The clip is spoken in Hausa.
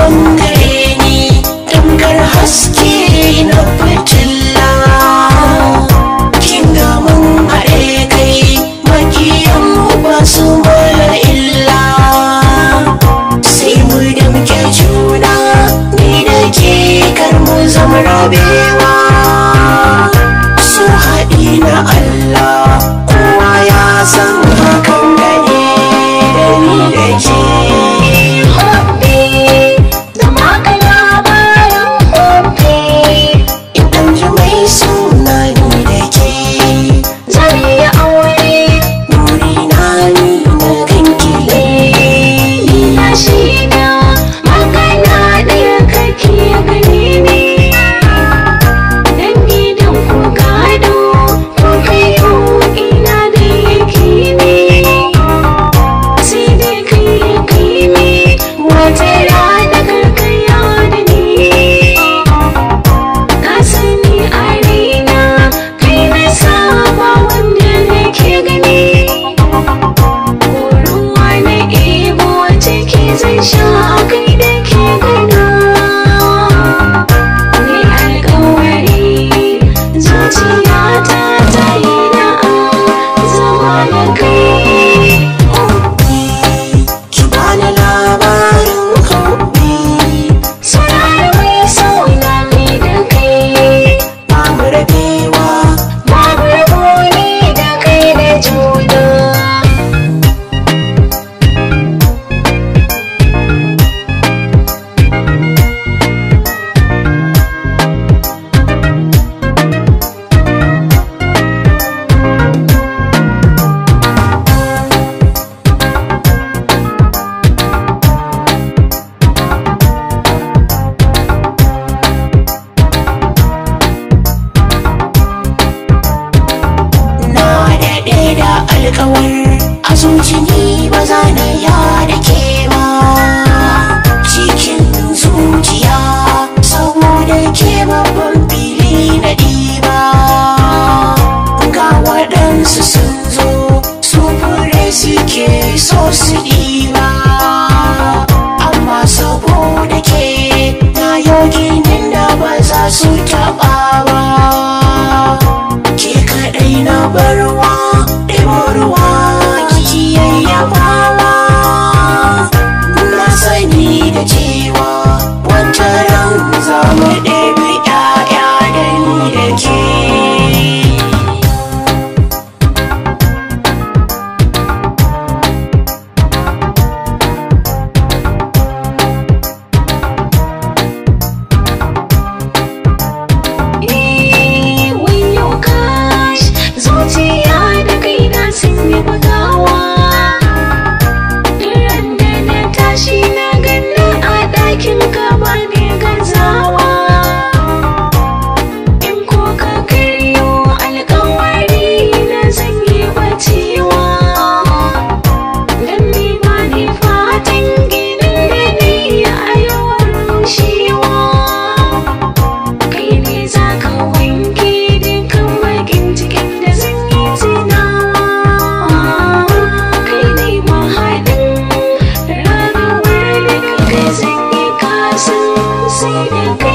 son gare ni dangar haske na fitilla kin ga mun haɗe kai makiyan mu ba su mana illa sai mu damke juna ni da ke kar mu zama rabewa kawar a zuci ni ba za da ke ba cikin zuciya saboda ke babban fili na diba ga waɗansu sun zo su fure suke so su diba amma saboda ke na yau ginin da ba za su taɓa ba you